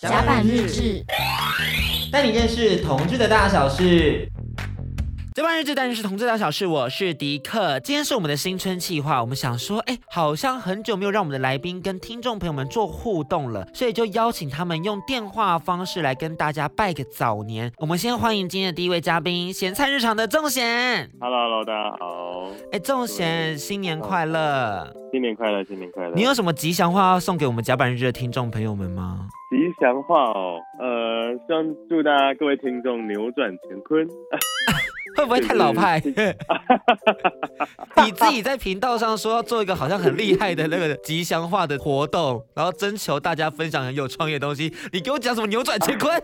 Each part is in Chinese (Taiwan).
甲板日誌，帶你認識同志的大小事。甲板日誌，但是同志大小事，是我是迪克。今天是我們的新春計劃，我們想說，哎、欸，好像很久沒有讓我們的來賓跟聽眾朋友們做互動了，所以就邀請他們用電話方式來跟大家拜個早年。我們先歡迎今天的第一位嘉賓，鹹菜日常的重鹹。Hello Hello，大家好。哎、欸，重鹹，新年快樂！新年快樂，新年快樂！你有什麼吉祥話要送給我們甲板日誌的聽眾朋友們嗎？吉祥話哦，呃，希望祝大家各位聽眾扭轉乾坤。 會不會太老派？ 你自己在頻道上說要做一個好像很厲害的那個吉祥話的活動，然後徵求大家分享很有創業的東西。你給我講什麼牛轉乾坤？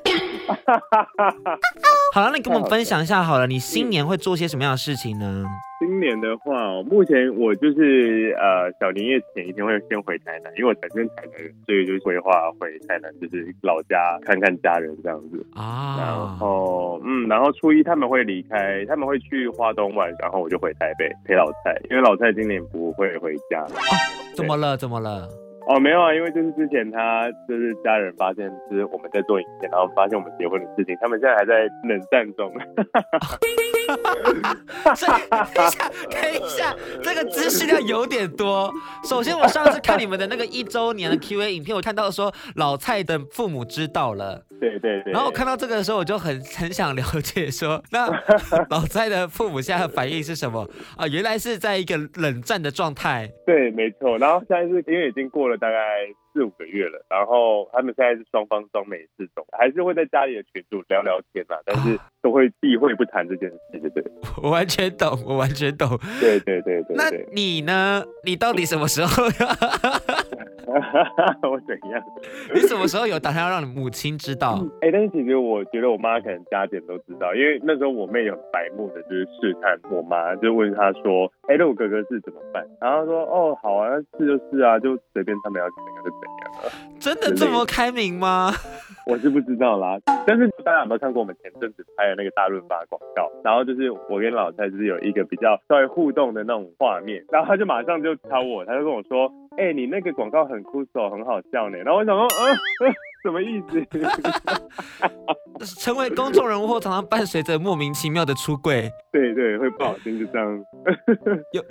好了，那你給我們分享一下好了，你新年會做些什麼樣的事情呢？今年的話、哦，目前我就是呃小年夜前一天會先回台南，因為我本身台南人，所以就規劃，回台南，就是老家看看家人這樣子啊。然後嗯，然後初一他們會離開，他們會去花東玩，然後我就回台北陪老蔡，因為老蔡今年不會回家、啊。怎麼了？怎麼了？哦，沒有啊，因為就是之前他就是家人發現是我們在做影片，然後發現我們結婚的事情，他們現在還在冷戰中。 哈， 等一下，等一下， 這個知識量有點多。首先，我上次看你們的那個一周年的 Q&A 影片，我看到說老蔡的父母知道了。對對對。然後我看到這個的時候，我就很很想了解說，那老蔡的父母現在的反應是什麼啊？呃，原來是在一個冷戰的狀態。對，沒錯。然後現在是，因為已經過了大概。四五個月了，然後他們現在是雙方雙美失懂，還是會在家裡的群組聊聊天嘛，啊，但是都會避諱不談這件事。對對，啊，我完全懂，我完全懂。對對，對對對對。那你呢？你到底什麼時候？ 我怎樣？你什麼時候有打算要讓你母親知道？哎，嗯欸，但是其實我覺得我媽可能家裡都知道，因為那時候我妹有白目的，就是試探我媽，就問她說：“哎，欸，那我哥哥是怎麼辦？”然後說：“哦，好啊，是就是啊，就隨便他們要怎樣就。” 真的這麼開明嗎？我是不知道啦，但是大家有沒有看過我們前陣子拍的那個大潤發廣告？然後就是我跟老蔡就是有一個比較稍微互動的那種畫面，然後他就馬上就敲我，他就跟我說。哎、欸，你那個廣告很酷燥，很好笑呢？然後我想說，嗯、呃，什麼意思？ 成為公眾人物後，我常常伴隨着莫名其妙的出櫃。對對，會不小心就這樣，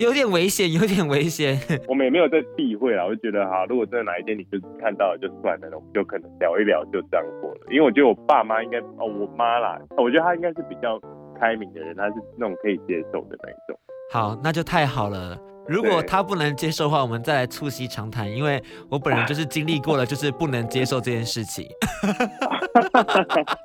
有有點危險，有點危險。 我們也沒有在避諱啊，我就覺得，哈，如果真的哪一天你就看到了，就算了，我們就可能聊一聊，就這樣過了。因為我覺得我爸媽應該，哦，我媽啦，我覺得她應該是比較開明的人，她是那種可以接受的那一種。好，那就太好了。如果他不能接受的話，我們再來促膝長談。因為我本人就是經歷過了，就是不能接受這件事情。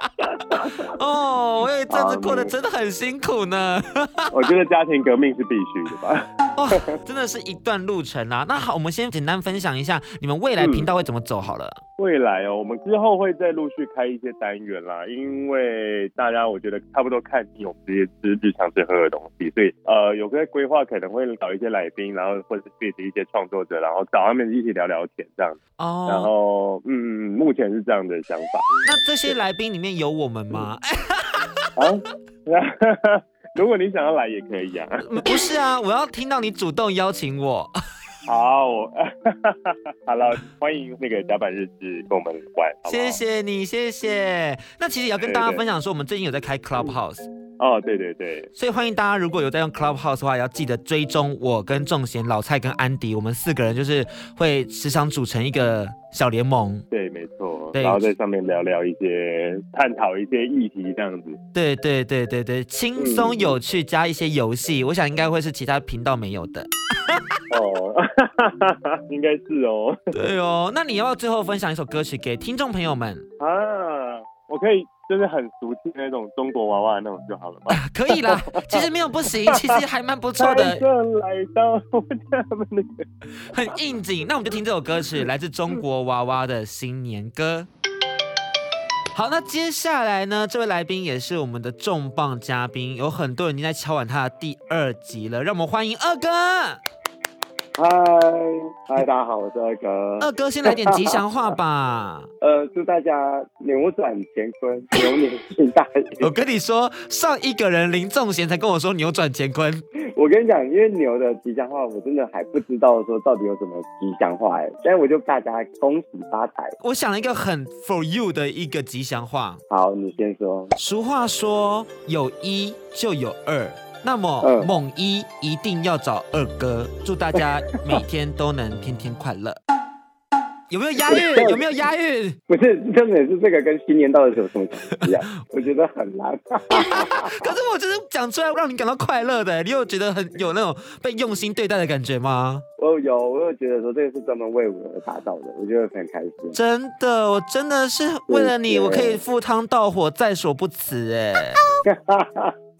哦，我有一陣子過得真的很辛苦呢。 我覺得家庭革命是必須的吧？ 哦，真的是一段路程啊。那好，我們先簡單分享一下你們未來頻道會怎麼走好了。嗯未來哦，我們之後會再陸續開一些單元啦，因為大家我覺得差不多看膩我們這些吃日常吃喝的東西，所以呃，有個規劃可能會找一些來賓，然後或者是自己的一些創作者，然後找他們一起聊聊天這樣。哦、oh.。然後嗯，目前是這樣的想法。那這些來賓裡面有我們嗎？ 啊？ 如果你想要來也可以啊。不是啊，我要聽到你主動邀請我。好，Hello，哈哈，歡迎那個甲板日誌跟我們玩，好好，謝謝你，謝謝。那其實也要跟大家分享說，我們最近有在開 Clubhouse。對對對哦、oh,，對對對，所以歡迎大家，如果有在用 Clubhouse 的話，也要記得追蹤我跟仲賢、老蔡跟安迪，我們四個人就是會時常組成一個小聯盟。對，沒錯。然後在上面聊聊一些，探討一些議題，這樣子。對對對對對，輕鬆有趣加一些遊戲，嗯、我想應該會是其他頻道沒有的。哦 、oh,， 應該是哦。對哦，那你要不要最後分享一首歌曲給聽眾朋友們？啊、ah.。我可以就是很熟悉那種中國娃娃那種就好了嗎、啊？可以啦，其實沒有不行， 其實還蠻不錯的。 很應景。那我們就聽這首歌曲，來自中國娃娃的新年歌。好，那接下來呢，這位來賓也是我們的重磅嘉賓，有很多人已經在敲碗他的第二集了，讓我們歡迎二哥。嗨嗨，大家好，我是二哥。二哥先來點吉祥話吧。 呃，祝大家牛轉乾坤，牛年大吉。 我跟你說，上一個人林仲賢才跟我說牛轉乾坤。我跟你講，因為牛的吉祥話，我真的還不知道說到底有什麼吉祥話哎、欸。所以我就大家恭喜發財。我想了一個很 for you 的一個吉祥話。好，你先說。俗話說，有一就有二。那麼、嗯，猛一一定要找二哥。祝大家每天都能天天快樂。 有沒有押韻？有沒有押韻？不是，真的是這個跟新年到底有什麼關係、啊、 我覺得很難。 可是我就是講出來，讓你感到快樂的，你有覺得很有那種被用心對待的感覺嗎？我有，我有覺得說這個是專門為我而打造的，我覺得很開心。真的，我真的是為了你，我可以赴湯蹈火，在所不辭。哎。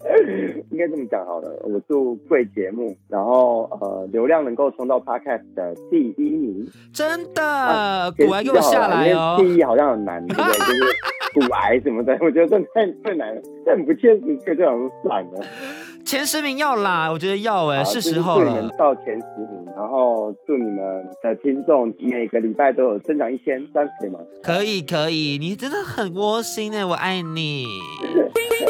應該這麼講好了，我祝貴節目，然後呃，流量能夠衝到 Podcast 的第一名，真的，股癌又下來哦，第一好像很難， 對不對？就是股癌什麼的，我覺得這太太難了，這很不現實，這就很懶了。 前十名要啦，我覺得要哎、欸，是時候了。祝到前十名，然後祝你們的聽眾每個禮拜都有增長一千，三十，可以可以可以，你真的很窩心哎、欸，我愛你。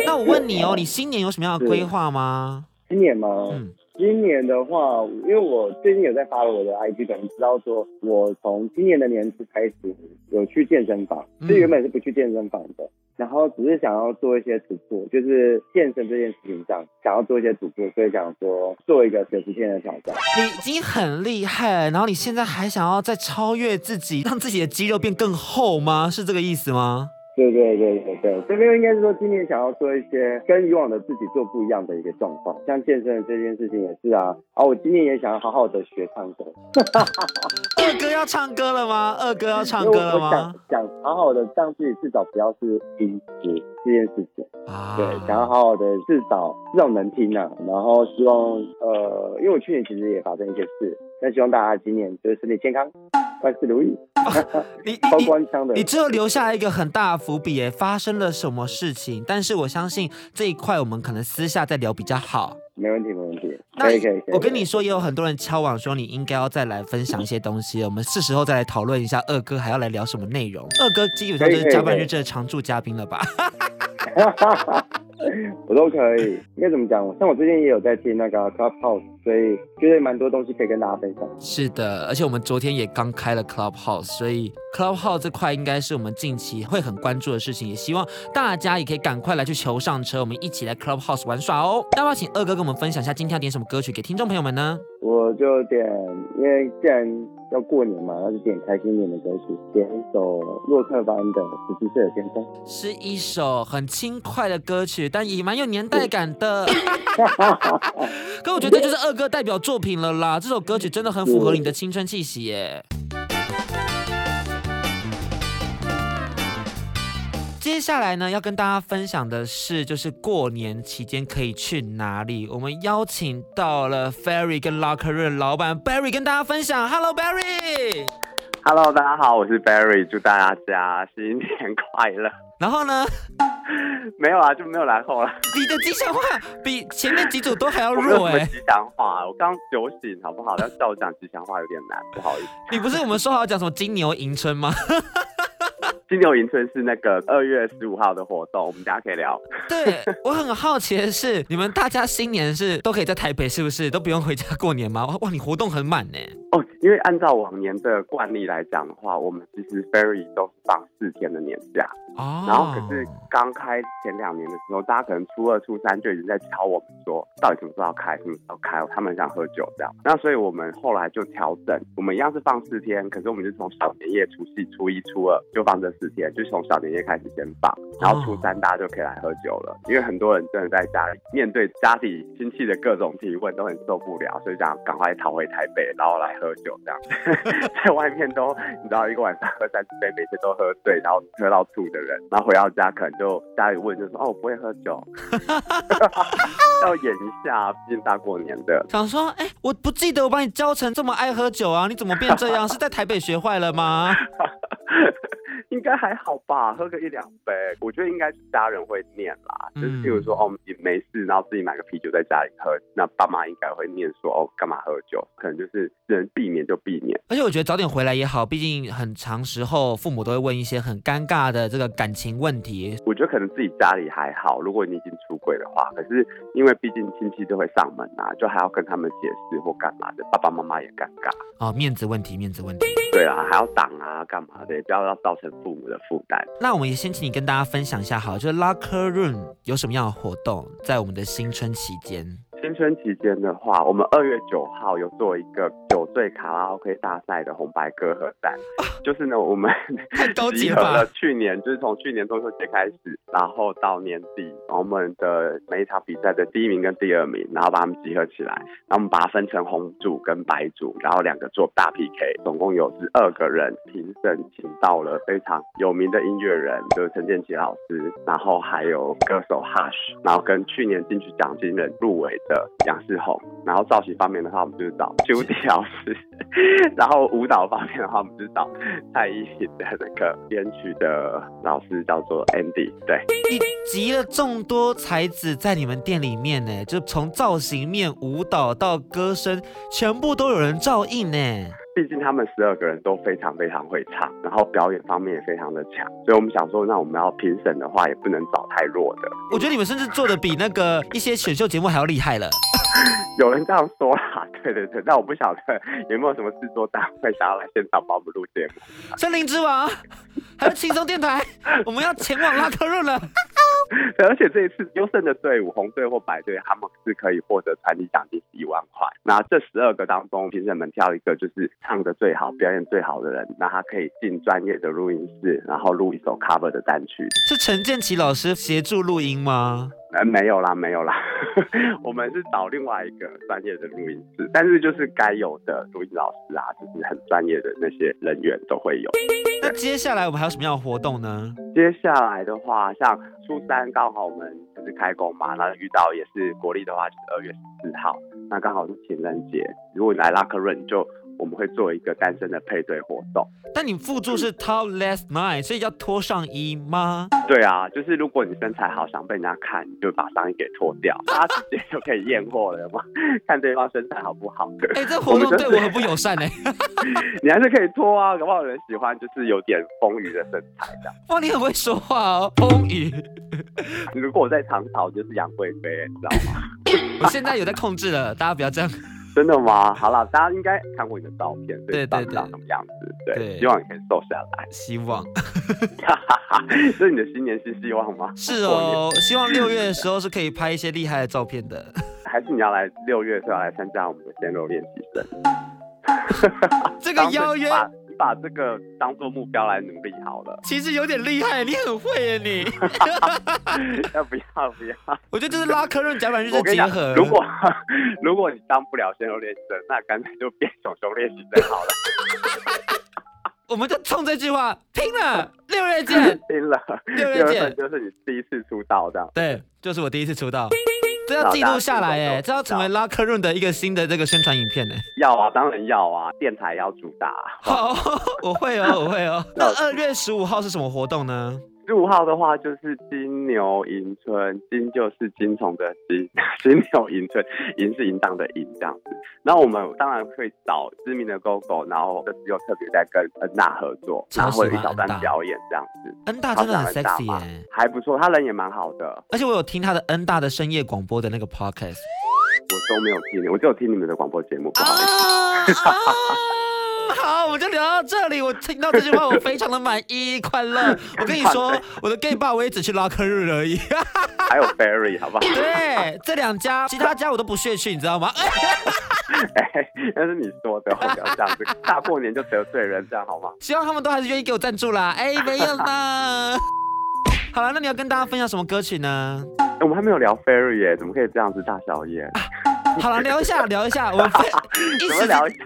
那我問你哦，你新年有什麼樣的規劃嗎？新年嗎？嗯。今年的話，因為我最近有在發了我的 IG，可你知道說，我從今年的年初開始有去健身房，嗯，所以原本是不去健身房的，然後只是想要做一些主播，就是健身這件事情上，想要做一些主播，所以想說做一個水直線的挑戰。你已經很厲害，然後你現在還想要再超越自己，讓自己的肌肉變更厚嗎？是這個意思嗎？對對，對對對對對，這邊應該是說今年想要做一些跟以往的自己做不一樣的一個狀況，像健身這件事情也是啊，而、啊、我今年也想要好好的學唱歌。 二哥要唱歌了嗎？二哥要唱歌。我想想好好的讓自己至少不要是音痴這件事情啊，對，想要好好的至少至少能聽呢、啊，然後希望呃，因為我去年其實也發生一些事，那希望大家今年就是身體健康。再次留意，哈哈啊、超官腔的你，你之後留下一個很大的伏筆誒、欸，發生了什麼事情？但是我相信這一塊我們可能私下再聊比較好，沒問題沒問題。可以可以可以，我跟你說，也有很多人敲碗說你應該要再來分享一些東西。我們是時候再來討論一下，二哥還要來聊什麼內容？二哥基本上就是甲板日誌常駐嘉賓了吧？ 我都可以，應該怎麼講？像我最近也有在聽那個 Club House，所以就是蠻多東西可以跟大家分享。是的，而且我們昨天也剛開了 Club House，所以 Club House 這塊應該是我們近期會很關注的事情，也希望大家也可以趕快來去求上車，我們一起來 Club House 玩耍哦。要不要請二哥跟我們分享一下今天要點什麼歌曲給聽眾朋友們呢，我就點，因為既然要過年嘛，那就點開心點的歌曲，點一首洛克班的《十七歲的天空》，是一首很輕快的歌曲，但也蠻有年代感的。 哥，我覺得這就是二哥代表作品了啦，這首歌曲真的很符合你的青春氣息耶。接下來呢，要跟大家分享的是，就是過年期間可以去哪裡。我們邀請到了 Fairy 跟 Locker Room 老板 Barry 跟大家分享。Hello Barry，Hello 大家好，我是 Barry，祝大家新年快樂。然後呢？沒有啊，就沒有然後了。你的吉祥話比前面幾組都還要弱哎、欸。我吉祥話，我剛酒醒好不好？要叫我講吉祥話有點難，不好意思。你不是我們說好要講什麼金牛迎春嗎？ 金牛迎春是那個二月十五號的活動，我們等下可以聊。對，我很好奇的是， 你們大家新年是都可以在台北，是不是都不用回家過年嗎？哇，你活動很滿呢、欸。哦、oh，因為按照往年的慣例來講的話，我們其實 Fairy 都是放四天的年假。哦、oh。然後可是剛開前兩年的時候，大家可能初二、初三就已經在敲我們說，到底什麼時候開？什麼時候開？他們想喝酒這樣。那所以我們後來就調整，我們一樣是放四天，可是我們就從小年夜、除夕、初一、初二就放這。時間就是從小年夜開始先放，然後初三大家就可以來喝酒了。Oh. 因為很多人真的在家裡面對家裡親戚的各種提問都很受不了，所以想趕快逃回台北，然後來喝酒。這樣 在外面都你知道，一個晚上喝三十杯，每天都喝醉，然後喝到吐的人，然後回到家可能就家裡問就說：“ 哦，我不會喝酒。 ”要演一下，畢竟大過年的。想說：“哎、欸，我不記得我把你教成這麼愛喝酒啊？你怎麼變這樣？ 是在台北學壞了嗎？” 應該還好吧，喝個一兩杯，我覺得應該是家人會念啦，嗯、就是比如說哦，也沒事，然後自己買個啤酒在家裡喝，那爸媽應該會念說哦，幹嘛喝酒，可能就是能避免就避免。而且我覺得早點回來也好，畢竟很長時候父母都會問一些很尷尬的這個感情問題。我覺得可能自己家裡還好，如果你已經出櫃的話，可是因為畢竟親戚都會上門啊，就還要跟他們解釋或幹嘛的，爸爸媽媽也尷尬。哦，面子問題，面子問題。對啊，還要擋啊幹嘛的，不要要造成。父母的負擔，那我們也先請你跟大家分享一下，好，就是 Locker Room 有什麼樣的活動，在我們的新春期間。春節期間的話，我們二月九號有做一個酒醉卡拉 OK 大賽的紅白歌合戰、啊，就是呢，我們 集合了去年就是從去年中秋節開始，然後到年底，我們的每一場比賽的第一名跟第二名，然後把他們集合起來，然後我們把它分成紅組跟白組，然後兩個做大 PK，總共有十二個人，評審請到了非常有名的音樂人，就是陳建奇老師，然後還有歌手 Hush，然後跟去年金曲獎金人入圍的。楊世宏，然後造型方面的話，我們就是找 Judy 老師； 然後舞蹈方面的話，我們就找蔡依林的那個編曲的老師叫做 Andy。對，你集了眾多才子在你們店裡面呢、欸，就從造型面、舞蹈到歌聲，全部都有人照應呢、欸。畢竟他們十二個人都非常非常會唱，然後表演方面也非常的強，所以我們想說，那我們要評審的話，也不能找太弱的。我覺得你們甚至做得比那個一些選秀節目還要厲害了。 有人這樣說啦，對對對，但我不曉得有沒有什麼制作單位想要來現場幫我們錄節目。森林之王， 還有輕鬆電台， 我們要前往 Locker Room 了。對，而且這一次優勝的隊伍，紅隊或白隊，他們是可以獲得團體獎金一萬塊。那這十二個當中，評審們挑一個就是唱的最好、表演最好的人，那他可以進專業的錄音室，然後錄一首 cover 的單曲。是陳建奇老師協助錄音嗎？呃，沒有啦，沒有啦，呵呵，我們是找另外一個專業的錄音室，但是就是該有的錄音老師啊，就是很專業的那些人員都會有。那接下來我們還有什麼樣的活動呢？接下來的話，像初三剛好我們就是開工嘛，那遇到也是國曆的話，就是二月十四號，那剛好是情人節。如果你來 Locker Room 你就。我們會做一個單身的配對活動，但你附注是脫 last m i n d 所以叫脫上衣嗎？對啊，就是如果你身材好想被人家看，你就把上衣給脫掉，直接就可以驗貨了有沒有，看對方身材好不好。哎、欸，這活動我、就是、對我很不友善呢。 你還是可以脫啊，有沒有人喜歡就是有點風雨的身材的？哇，你很會說話哦，風雨。 如果我在唐朝就是楊貴妃，你知道嗎？ 我現在有在控制了， 大家不要這樣。真的嗎？好了，大家應該看過你的照片，所以到底長什麼樣子對對對對？對，希望你可以瘦下來。希望，所 以 你的新年是希望嗎？是哦，希望六月的時候是可以拍一些厲害的照片的。 還是你要來六月是要來參加我們的鮮肉練習生？ 這個邀約。把這個當做目標來努力好了。其實有點厲害，你很會啊，你。要 不要不要，我覺得就是拉客人甲板日，日結合。如果如果你當不了先熊練習生，那乾脆就變熊熊練習生好了。 我們就衝這句話拼了，六月見。拼 了，六月見就是你第一次出道這樣。對，就是我第一次出道。這要記錄下來哎，這要成為 Locker Room 的一個新的這個宣傳影片哎。要啊，當然要啊，電台要主打，啊。好，oh, 我會哦，我會哦。 那二月十五號是什麼活動呢？十五號的話就是金牛銀春，金就是金蟲的金，金牛銀春，銀是銀檔的銀這樣子。那我們當然會找知名的 Gogo 然後就次又特別在跟恩大合作，然後會去小班表演這樣子。恩大真的很 sexy，還，很大還不錯，他人也蠻好的。而且我有聽他的恩大的深夜廣播的那個 podcast，我都沒有聽你，我就有聽你們的廣播節目。不好意思 uh, uh, 好，我就聊到這裡。我聽到這句話，我非常的滿意、快 樂。我跟你說，我的 gay bar 我也只去 Locker Room 而已。 還有 Fairy 好不好？對、欸，這兩家其他家我都不屑去，你知道嗎？哎、 欸，但是你說的，不要這樣子，大過年就得罪人這樣好嗎？希望他，他們都還是願意給我贊助啦。哎、欸，沒有啦。 好了，那你要跟大家分享什麼歌曲呢？我們還沒有聊 Fairy 耶、欸，怎麼可以這樣子大小眼。啊 好了，聊一下，聊一下，我們一直聊一下。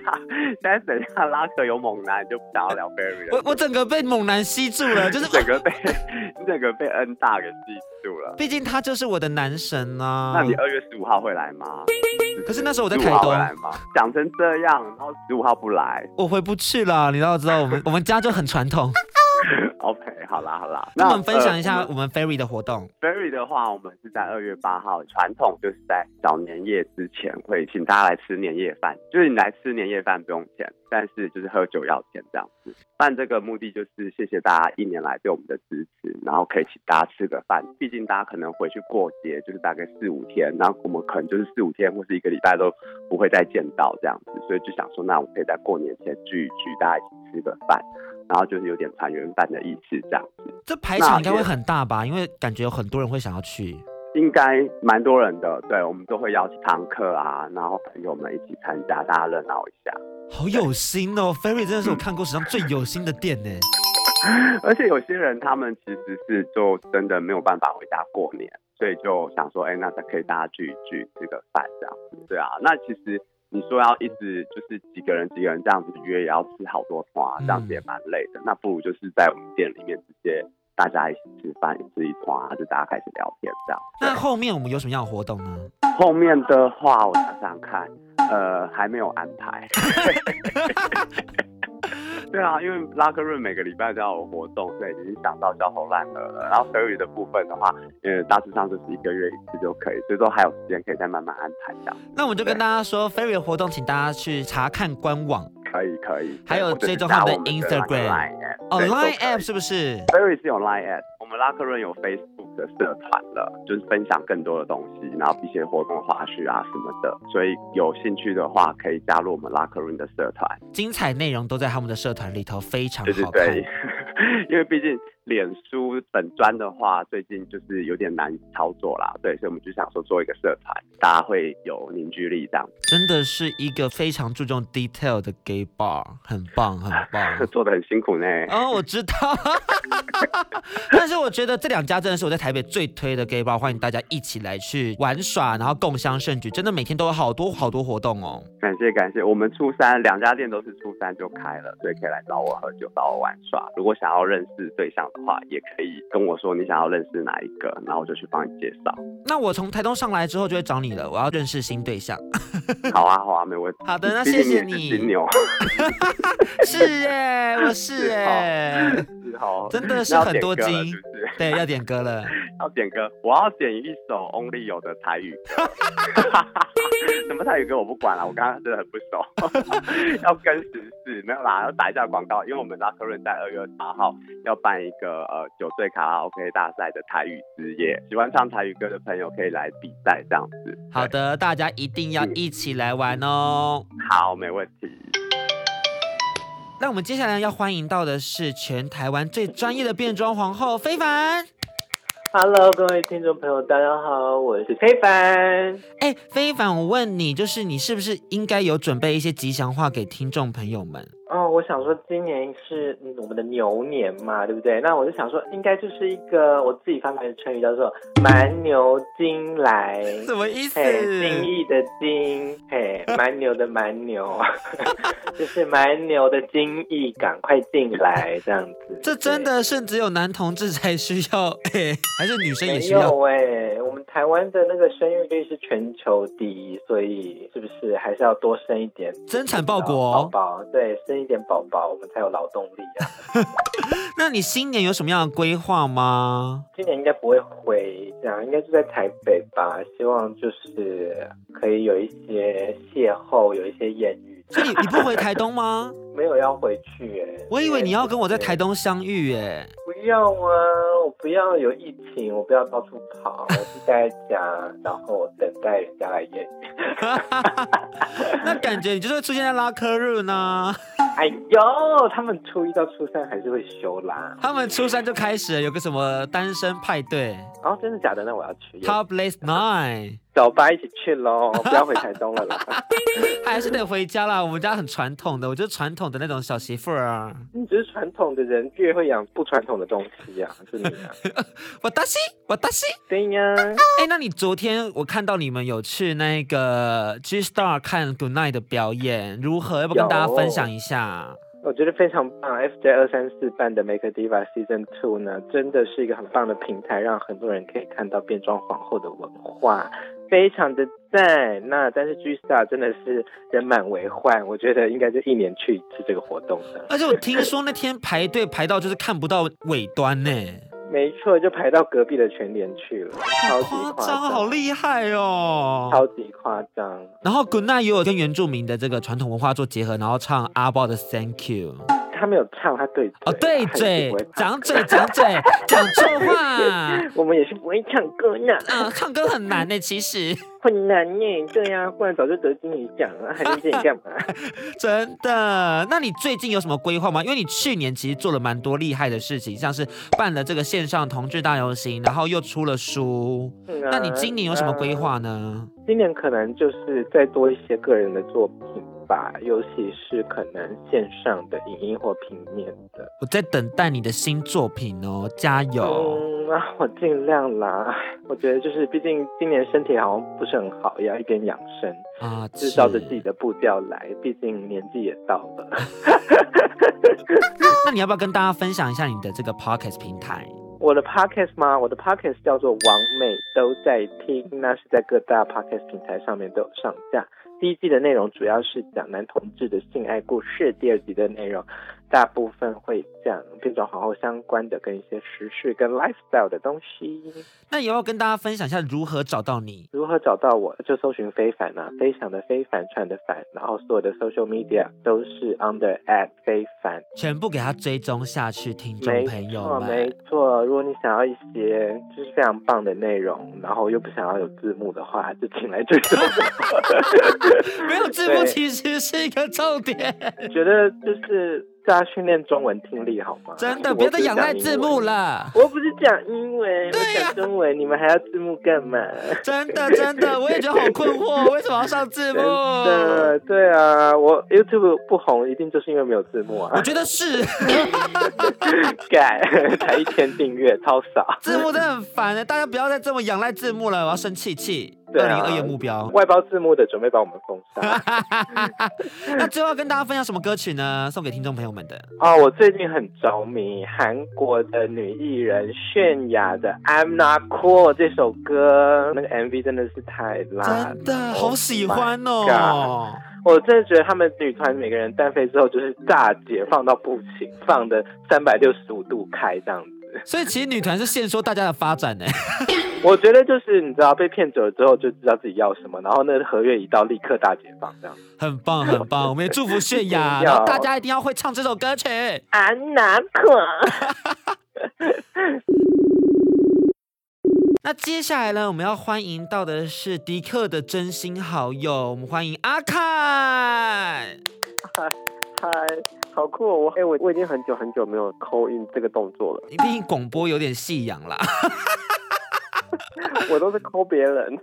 但 是等一下，Locker 有猛男就不想要聊 Barry 了。我我整個被猛男吸住了，就是 整個被整個被恩大給吸住了。 畢竟他就是我的男神啊。那你二月十五號會來嗎？ 可是那時候我在台東。會來嗎？講成這樣，然後十五號不來， 我回不去了。你讓我知道，我們我們家就很傳統。 好啦好啦，那我們分享一下我們 Fairy 的活動。Uh, Fairy 的話，我們是在二月八號，傳統就是在小年夜之前會請大家來吃年夜飯，就是你來吃年夜飯不用錢，但是就是喝酒要錢這樣子。辦這個目的就是謝謝大家一年來對我們的支持，然後可以請大家吃個飯。畢竟大家可能回去過節就是大概四五天，然後我們可能就是四五天或是一個禮拜都不會再見到這樣子，所以就想說，那我們可以在過年前聚一聚，聚一聚大家一起吃個飯。然後就是有點團圓飯的意思，這樣子。這排場應該會很大吧？因為感覺有很多人會想要去。應該蠻多人的，對，我們都會邀請常客啊，然後朋友們一起參加，大家熱鬧一下。好有心哦，Fairy 真的是我看過史上、嗯、最有心的店呢、欸。而且有些人他們其實是就真的沒有辦法回家過年，所以就想說，哎，那可以大家聚一聚，吃個飯這樣子。對啊，那其實。你說要一直就是幾個人幾個人這樣子約，也要吃好多餐，啊嗯，這樣子也蠻累的。那不如就是在我們店裡面直接大家一起吃飯，吃一餐啊。就大家開始聊天這樣。那後面我們有什麼樣的活動呢？後面的話我想想看，呃，還沒有安排。 對啊，因為 Locker Room 每個禮拜都要有活動，所以已經想到焦頭爛額了。然後 Fairy 的部分的話，因為大致上，就是一個月一次就可以，所以說還有時間可以再慢慢安排的。那我們就跟大家說，Fairy 的活動，請大家去查看官網，可以可以。還有最重要的 Instagram、Line App、oh, Line App 是不是？Fairy 是用 Line App。我 Locker Room 有 Facebook 的社團了，就是分享更多的東西，然後一些活動花絮啊什麼的。所以有興趣的話，可以加入我們 Locker Room 的社團。精彩內容都在他們的社團裡頭，非常好看、就是、對，因為畢竟。臉書粉專的話，最近就是有點難操作啦，對，所以我們就想說做一個社團，大家會有凝聚力，這樣。真的是一個非常注重 detail 的 gay bar，很棒，很棒，做的很辛苦呢、欸。哦，我知道， 但是我覺得這兩家真的是我在台北最推的 gay bar，歡迎大家一起來去玩耍，然後共襄盛舉，真的每天都有好多好多活動哦。感謝感謝，我們初三兩家店都是初三就開了，所以可以來找我喝酒，找我玩耍。如果想要認識對象，的話也可以跟我說你想要認識哪一個，然後我就去幫你介紹。那我從台東上來之後就會找你了，我要認識新對象。 好啊，好啊，沒問題。好的，那謝謝你，是耶、 欸，我是耶、欸。真的是很多金。是是對，要點歌了， 要點歌。我要點一首 Only You 的台語。 什麼台語歌我不管了，我剛剛真的很不熟。 要跟時事沒有啦，要打一下廣告，因為我們 Locker Room 在二月八號要辦一個。個呃九歲卡拉 OK 大賽的台語之夜，喜歡唱台語歌的朋友可以來比賽，這樣子。好的，大家一定要一起來玩哦、嗯嗯。好，沒問題。那我們接下來要歡迎到的是全台灣最專業的變裝皇后飛帆。Hello，各位聽眾朋友，大家好，我是飛帆。哎、欸，飛帆，我問你，就是你是不是應該有準備一些吉祥話給聽眾朋友們？哦、oh.。我想說，今年是我們的牛年嘛，對不對？那我就想說，應該就是一個我自己發明的成語，叫做“蠻牛精來”，什麼意思？精液的精，嘿，蠻牛的蠻牛， 就是蠻牛的精液趕快進來這樣子。這真的是只有男同志才需要，嘿，還是女生也需要？哎、欸，我們台灣的那個生育率是全球第一，所以是不是還是要多生一點，增產報國，哦？寶寶，對，生一點。寶寶，我們才有勞動力啊！ 那你新年有什麼樣的規劃嗎？今年應該不會回家，應該是在台北吧。希望就是可以有一些邂逅，有一些豔遇。 所以你，你不回台東嗎？ 沒有要回去哎、欸，我以為你要跟我在台東相遇哎、欸，不要啊，我不要有疫情，我不要到處跑， 我是待在家，然後等待人家來約。 那感覺你就是會出現在 Locker Room 呢。哎呦，他們初一到初三還是會休啦，他們初三就開始有個什麼單身派對哦，真的假的？那我要去 Topless Night 走吧， 一起去嘍，不要回台東了啦， 還是得回家啦。我們家很傳統的，我覺得傳統。的那種小媳婦兒啊，你只是傳統的人就會養不傳統的東西呀、啊， 是不你是，啊？我大西，我大西，對呀。哎、欸，那你昨天我看到你們有去那個 G Star 看 Good Night 的表演，如何？要不要跟大家分享一下？我覺得非常棒，FJ 二三四辦的 Make a Diva Season Two 呢，真的是一個很棒的平台，讓很多人可以看到變裝皇後的文化，非常的讚。那但是 G Star 真的是人滿為患，我覺得應該就一年去一次這個活動的。而且我聽說那天排隊排到就是看不到尾端呢。 沒錯，就排到隔壁的全連去了，超級誇張，好厲害哦，超級誇張。然後滾 t 也有跟原住民的這個傳統文化做結合，然後唱阿豹的《Thank You》。他沒有唱，他對嘴哦，對，對唱嘴，張嘴，張嘴，講錯話。 我們也是不會唱歌呢。 嗯、唱歌很難呢，其實。很難呢。對呀、啊，不然早就得經理獎了， 還來這裡幹嘛？ 真的？那你最近有什麼規劃嗎？因為你去年其實做了蠻多厲害的事情，像是辦了這個線上同志大遊行，然後又出了書。那，那你今年有什麼規劃呢、呃？今年可能就是再多一些個人的作品。吧，尤其是可能線上的影音或平面的。我在等待你的新作品哦，加油！嗯，那我盡量啦。我覺得就是，畢竟今年身體好像不是很好，也要一邊養生啊，就照着自己的步調來。畢竟年紀也到了。 那你要不要跟大家分享一下你的這個 podcast 平台？我的 podcast 嗎？我的 podcast 叫做王美《王美都在聽》，那是在各大 podcast 平台上面都有上架。第一季的內容主要是講男同志的性愛故事，第二集的內容。大部分會講跟變裝皇后相關的，跟一些時事跟 lifestyle 的東西。那也要跟大家分享一下如何找到你，如何找到我，就搜尋飛帆啊，非常的非，帆船的帆，然後所有的 social media 都是 under at 飛帆，全部給他追蹤下去。聽眾朋友沒錯,沒錯，如果你想要一些就是非常棒的內容，然後又不想要有字幕的話，就請來追蹤。 沒有字幕其實是一個重點。我 覺得就是。大家訓練中文聽力好嗎？真的，別再仰賴字幕了。我不是講英文， 對呀，中文，你們還要字幕幹嘛？真的，真的，我也覺得好困惑， 為什麼要上字幕？對對啊，我 YouTube 不紅，一定就是因為沒有字幕啊。我覺得是 Gay 才一千訂閱，超傻。字幕真的很煩，大家不要再這麼仰賴字幕了，我要生氣氣。二零二一目標，外包字幕的準備把我們封殺。 那最後要跟大家分享什麼歌曲呢？送給聽眾朋友們的哦，我最近很着迷韓國的女藝人泫雅的《I'm Not Cool》這首歌，那個 MV 真的是太辣了，真的，oh, 好喜歡哦！我真的覺得他們女團每個人單飛之後就是大解放到不行，放的三百六十五度開這樣子。 所以其實女團是限縮大家的發展呢？我覺得就是你知道被騙走了之後就知道自己要什麼，然後那合約一到立刻大解放，這樣很棒很棒。我們也祝福泫雅，然後大家一定要會唱這首歌曲啊 啊。安娜可 那接下來呢，我們要歡迎到的是迪克的真心好友，我們歡迎阿凱。嗨。好酷、哦、我、欸、我已經很久很久沒有 call in 這個動作了，你畢竟廣播有點夕陽啦。 我都是摳別人，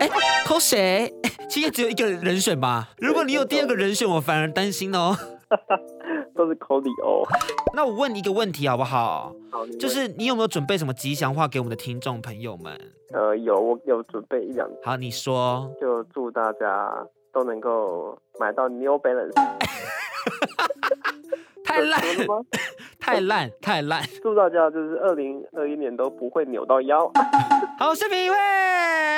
哎摳誰？其實也只有一個人選吧。 如果你有第二個人選，我反而擔心哦、喔。 都是摳里歐，那我問你一個問題好不好，好？就是你有沒有準備什麼吉祥話給我們的聽眾朋友們？呃，有，我有準備一兩。好，你說。就祝大家都能夠買到 New Balance。 太爛嗎？太爛，太爛！祝大家就是二零二一年都不會扭到腰。好視頻，一位，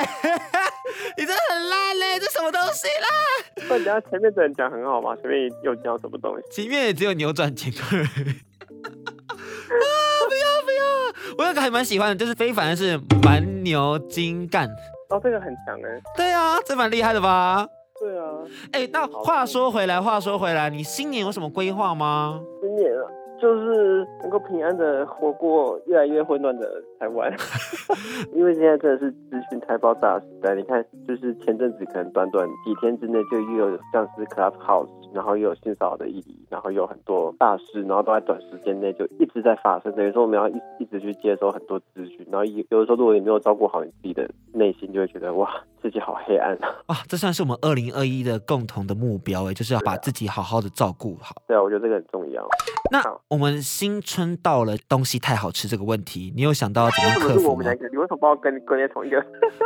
你真的很爛嘞，這什麼東西啦？那人家前面只能講很好嘛，前面又講什麼東西？前面也只有扭轉乾坤。 啊！不要不要！我有個還蠻喜歡的，就是非凡是蠻牛精幹。哦，這個很強嘞。對啊，這蠻厲害的吧？對啊，哎，那話說回來，話說回來，你新年有什麼規劃嗎？新年啊，就是能夠平安的活過越來越混亂的台灣， 因為現在真的是資訊太爆炸的時代。你看，就是前陣子可能短短幾天之內，就又有像是 Club House，然後又有性騷的議題。然後有很多大事，然後都在短時間內就一直在發生，等於說我們要一一直去接收很多資訊，然後有有的時候如果你沒有照顧好你自己的內心，就會覺得哇自己好黑暗啊！這算是我們二零二一的共同的目標哎，就是要把自己好好的照顧好對啊，對啊，我覺得這個很重要。那我們新春到了，東西太好吃這個問題，你有想到要怎麼克服？為我們兩個？你為什麼不要跟跟那同一個？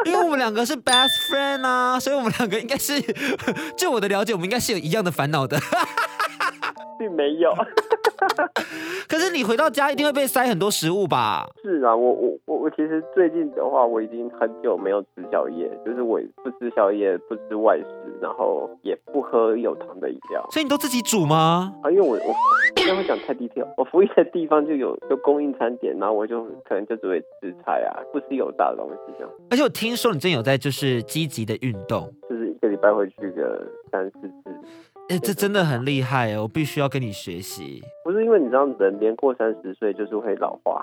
因為我們兩個是 best friend 啊，所以我們兩個應該是，據我的了解，我們應該是有一樣的煩惱的。 並沒有， 可是你回到家一定會被塞很多食物吧？是啊，我我我我其實最近的話，我已經很久沒有吃宵夜，就是我不吃宵夜，不吃外食，然後也不喝有糖的飲料。所以你都自己煮嗎？啊，因為我我因為我講太 detail，我服役的地方就有有供應餐點，然後我就可能就只會吃菜啊，不吃有糖的東西這樣。而且我聽說你最近有在就是積極的運動，就是一個禮拜會去個三四次。欸、這真的很厲害、欸，我必須要跟你學習。不是因為你知道，人連過三十歲就是會老化，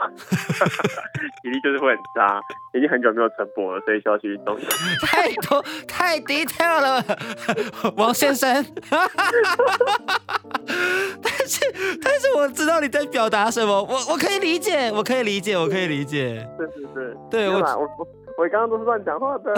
體 力 就是會很差，已經很久沒有晨勃了，所以需要去運動一下，太多太 detail 了， 王先生。 但是但是我知道你在表達什麼，我我可以理解，我可以理解，我可以理解。是是對我我我剛剛都是亂講話的。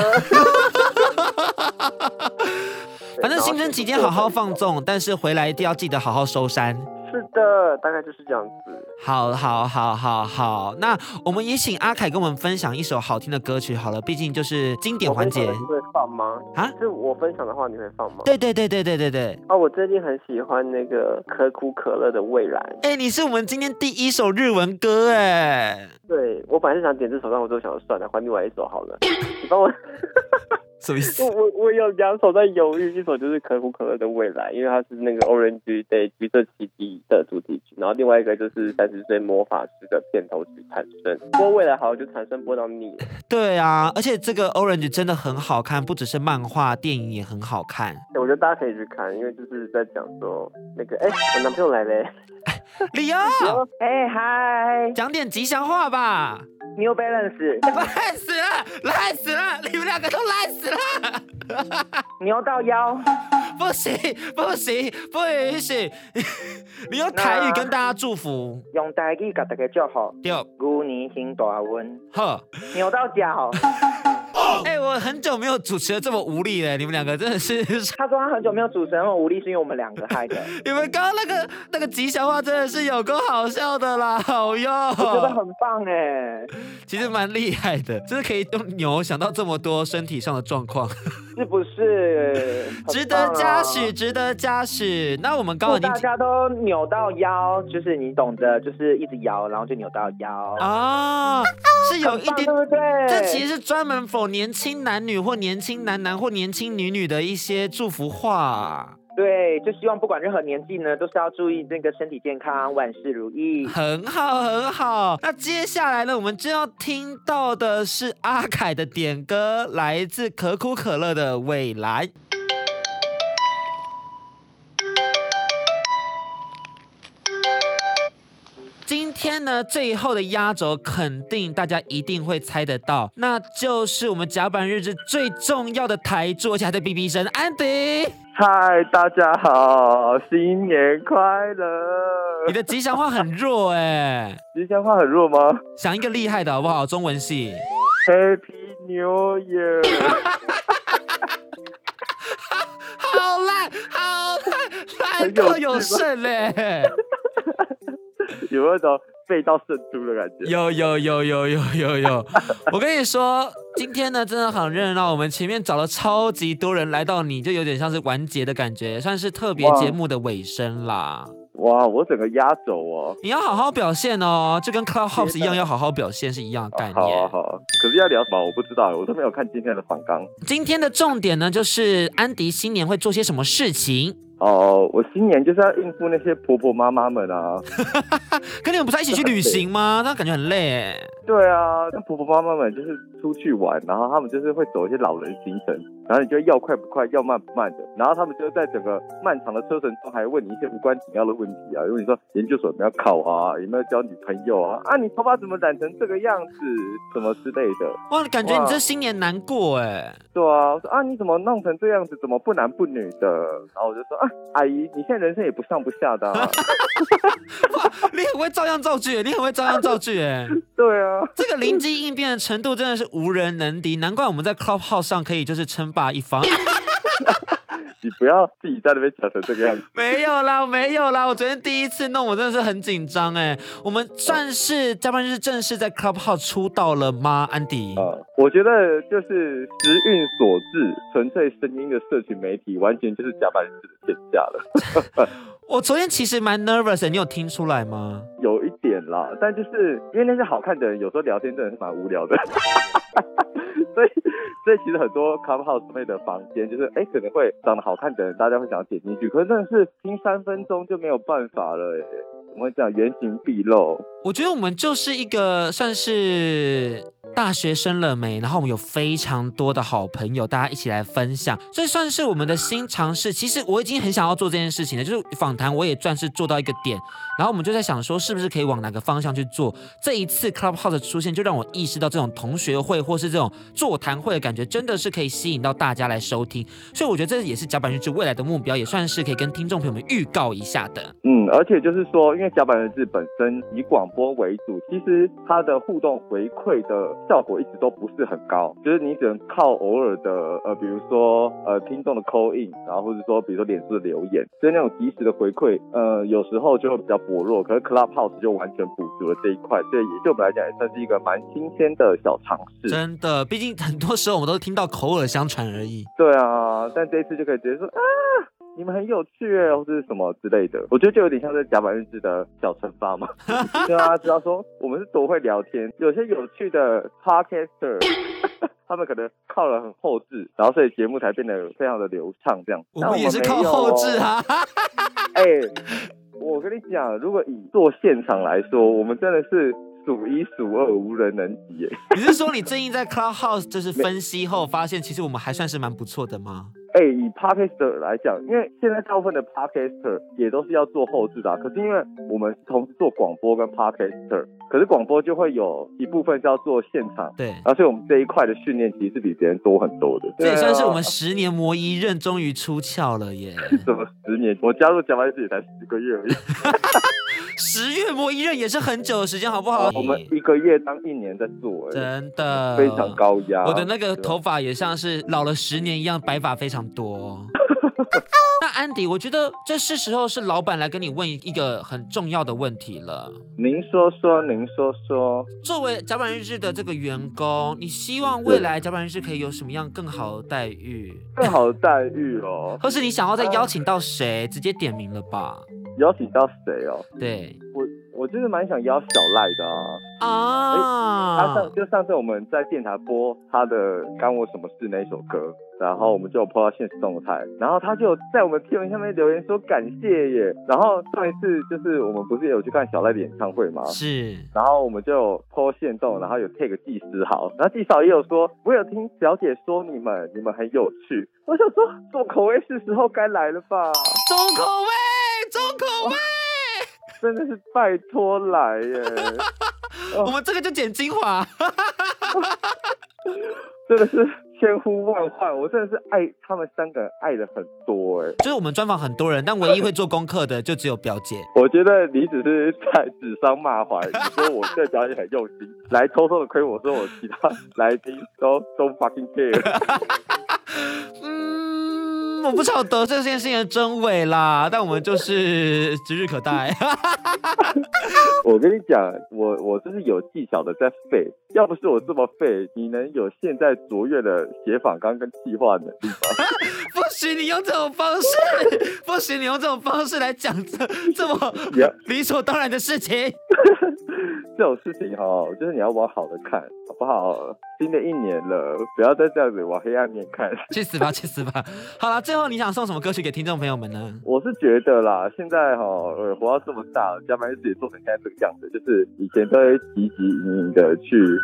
反正新春期間好好放縱，但是回來一定要記得好好收山。是的，大概就是這樣子。好，好，好，好，好，那我們也請阿凱跟我們分享一首好聽的歌曲好了，畢竟就是經典環節。你會放嗎？啊？就我分享的話，你會放嗎？對,對，對,對,對,對，對，對，對，對，對。啊，我最近很喜歡那個可苦可樂的未來》欸。哎，你是我們今天第一首日文歌哎、欸。對，我本來是想點這首，但我最後想說算了，換另外一首好了。 你幫我。 什麼意思？我我我有兩首在猶豫，一首就是可口可樂的未來，因為它是那個 Orange Day 橘色奇蹟的主題曲，然後另外一個就是《三十歲魔法師》的片頭曲產生。不過未來好像就產生不到你。對啊，而且這個 Orange 真的很好看，不只是漫畫，電影也很好看。我覺得大家可以去看，因為就是在講說那個，哎，我男朋友來嘞，裡 歐，哎嗨，講點吉祥話吧。牛逼懶死，懶死了，懶死了！你們兩個都懶死了， 牛到腰，不行，不行，不允許！ 你用台語跟大家祝福，啊、用台語跟大家祝福，對，牛年行大運，好，牛到腳。 哎、欸，我很久沒有主持的這麼無力嘞！你們兩個真的是……他說他很久沒有主持那麼無力，是因為我們兩個害的。 你們剛剛那個那個吉祥話真的是有夠好笑的啦！好喲，我覺得很棒哎，其實蠻厲害的，就是可以用牛想到這麼多身體上的狀況， 是不是？值得嘉許，值得嘉許。那我們剛剛大家都扭到腰，就是你懂得，就是一直搖，然後就扭到腰啊，哦，是有一點， 對不對？這其實是專門 for 你。年輕男女或年輕男男或年輕女女的一些祝福話，對，就希望不管任何年紀呢，都是要注意那個身體健康，萬事如意，很好很好。那接下來呢，我們就要聽到的是阿凱的點歌，來自可苦可樂的未來。那最後的壓軸，肯定大家一定會猜得到，那就是我們甲板日誌最重要的台柱，而且還在 BB 生安迪，嗨，Andy、Hi, 大家好，新年快樂！你的吉祥話很弱哎、欸，吉祥話很弱嗎？想一個厲害的好不好？中文系。Happy New Year！ 好爛，好爛，爛到有剩嘞！ 有沒有種背到勝出的感覺？有有有有有有有，有！ 我跟你說，今天呢真的很熱鬧，我們前面找了超級多人來到你，你就有點像是完結的感覺，算是特別節目的尾聲啦哇。哇，我整個壓軸哦！你要好好表現哦，就跟 Clubhouse 一樣，要好好表現是一樣的概念。好、啊，好，啊好啊。可是要聊什麼我不知道，我都沒有看今天的訪綱。今天的重點呢，就是安迪新年會做些什麼事情。哦、oh，我新年就是要應付那些婆婆媽媽們啊，跟 你們不是在一起去旅行嗎？ 那感覺很累。對啊，那婆婆媽媽們就是出去玩，然後他們就是會走一些老人行程，然後你就要快不快，要慢不慢的，然後他們就在整個漫長的車程中還問你一些無關緊要的問題啊，因為你說研究所有沒有考啊，有沒有交女朋友啊，啊你頭髮怎麼染成這個樣子，什麼之類的。哇，感覺你這新年難過哎、啊。對啊，我說啊你怎麼弄成這樣子，怎麼不男不女的？然後我就說啊。阿姨，你現在人生也不上不下的，啊 哇，你很會照樣造句，你很會照樣造句，哎， 對啊，這個靈機應變的程度真的是無人能敵，難怪我們在 Clubhouse 上可以就是稱霸一方。 你不要自己在那邊講成這個樣子。 沒有啦，沒有啦，我昨天第一次弄，我真的是很緊張哎。我們算是甲板日誌正式在 Clubhouse 出道了嗎？安迪，呃，我覺得就是時運所致，純粹聲音的社群媒體，完全就是甲板日誌的天下了。 我昨天其實蠻 nervous 的，你有聽出來嗎？有一點啦，但就是因為那些好看的人，有時候聊天真的是蠻無聊的， 所以所以其實很多 Clubhouse 妹的房間，就是誒可能會長得好看的人，大家會想要點進去，可是真的是聽三分鐘就沒有辦法了，誒，我們講原形畢露。我覺得我們就是一個算是大學生了沒，然後我們有非常多的好朋友，大家一起來分享，所以算是我們的新嘗試。其實我已經很想要做這件事情了，就是訪談我也算是做到一個點，然後我們就在想說是不是可以往哪個方向去做。這一次 Clubhouse 的出現，就讓我意識到這種同學會或是這種座談會的感覺，真的是可以吸引到大家來收聽。所以我覺得這也是甲板日志未來的目標，也算是可以跟聽眾朋友們預告一下的。嗯，而且就是說，因為甲板日志本身以廣播為主，其實它的互動回饋的效果一直都不是很高，就是你只能靠偶爾的，呃，比如說，呃，聽眾的 call in，然後或者說，比如說，臉書的留言，就是那種即時的回饋，呃，有時候就會比較薄弱。可是 Clubhouse 就完全補足了這一塊，所以也就我們來講也算是一個蠻新鮮的小嘗試。真的，畢竟很多時候我們都是聽到口耳相傳而已。對啊，但這一次就可以直接說啊。你們很有趣，或者什麼之類的，我覺得就有點像這甲板日誌的小懲罰嘛。對啊，只要說我們是多會聊天，有些有趣的 podcaster，他們可能靠了很後製，然後所以節目才變得非常的流暢這樣。我們也是靠後製哈、啊。哎、欸，我跟你講，如果以做現場來說，我們真的是數一數二，無人能及耶 你是說你最近在 Clubhouse 就是分析後發現，其實我們還算是蠻不錯的嗎？哎、欸，以 podcaster 來講，因為現在大部分的 podcaster 也都是要做後製的啊。可是因為我們同時做廣播跟 podcaster，可是廣播就會有一部分是要做現場，對。而、啊、且我們這一塊的訓練其實是比別人多很多的。這也、啊、算是我們十年磨一劍，終於出鞘了耶。 什麼？十年，我加入甲板日誌也才十個月而已。 十月末一日也是很久的時間，好不好？我們一個月當一年在做，真的非常高壓。我的那個頭髮也像是老了十年一樣，白髮非常多。 那安迪，我覺得這是時候是老板來跟你問一個很重要的問題了。您說說，您說說。作為甲板日誌的這個員工，你希望未來甲板日誌可以有什麼樣更好的待遇？ 更好的待遇哦。 或是你想要再邀請到誰、啊？直接點名了吧。邀請到誰哦？對。我真的蠻想邀小賴的啊啊！哎、oh. 欸，他上就上次我們在電台播他的《干我什麼事》那首歌，然後我們就 po 到限時動態。然後他就在我們貼文下面留言說感謝耶。然後上一次就是我們不是也有去看小賴的演唱會嗎？是。然後我們就 po 限動，然後有 take 技師好。然後記少也有說，我有聽小姐說你們你們很有趣，我想說重口味是時候該來了吧。重口味，重口味。啊真的是拜託來耶！ 我們這個就剪精華， 真的是千呼萬喚，我真的是愛他們三個人，愛的很多哎。就是我們專訪很多人，但唯一會做功課的就只有表姐。 我覺得你只是在指桑罵槐，你說我在表姐很用心，來偷偷的虧我說我其他來賓都都 don't fucking care。 嗯我不知道得這件事情的真偽啦，但我們就是指日可待 。 我跟你講，我我就是有技巧的在廢。要不是我這麼廢，你能有現在卓越的寫訪綱跟替換的地方？不許你用這種方式， 不許你用這種方式來講這這麼理所當然的事情。 這種事情哈、喔，就是你要往好的看，好不好？新的一年了，不要再這樣子往黑暗面看，去死吧，去死吧！好了，最後你想送什麼歌曲給聽眾朋友們呢？我是覺得啦，現在哈、喔，呃，活到這麼大，甲板日誌也做成現在這個樣子，就是以前都會汲汲營營的去。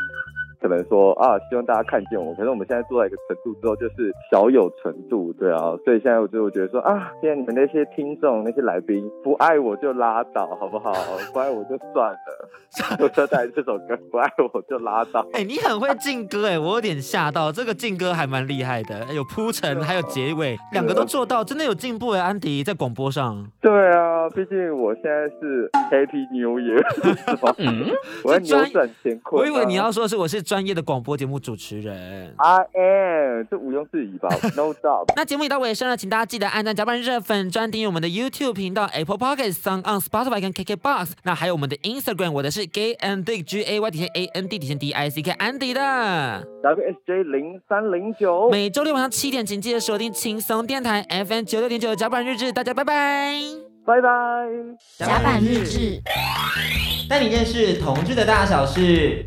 可能說啊，希望大家看見我。可是我們現在做到一個程度之後，就是小有程度，對啊。所以現在我就覺得說啊，現在你們那些聽眾、那些來賓不愛我就拉倒，好不好？不愛我就算了。 我就帶這首歌，不愛我就拉倒。哎、欸，你很會進歌哎、欸，我有點嚇到。這個進歌還蠻厲害的，有鋪陳，還有結尾，啊、兩個都做到，啊、真的有進步哎、欸。安迪在廣播上，對啊，畢竟我現在是 Happy New Year、 嗯、 我要牛轉乾坤、啊。我以為你要說是我是專。專業的廣播節目主持人，I am，這毋庸置疑吧？No doubt。那節目已到尾聲了，請大家記得按讚、甲板日誌粉專、訂閱我們的 YouTube 頻道、Apple Podcast、SoundOn、Spotify 以及 KK Box。那還有我們的 Instagram，我的是 Gay and Dick G A Y 底線 A N D 底線 D I C K Andy 的 W S J 零三零九。每周六晚上七點，請記得鎖定輕鬆電台 FM 九六點九的甲板日志。大家拜拜，拜拜，甲板日志帶你認識同志的大小事。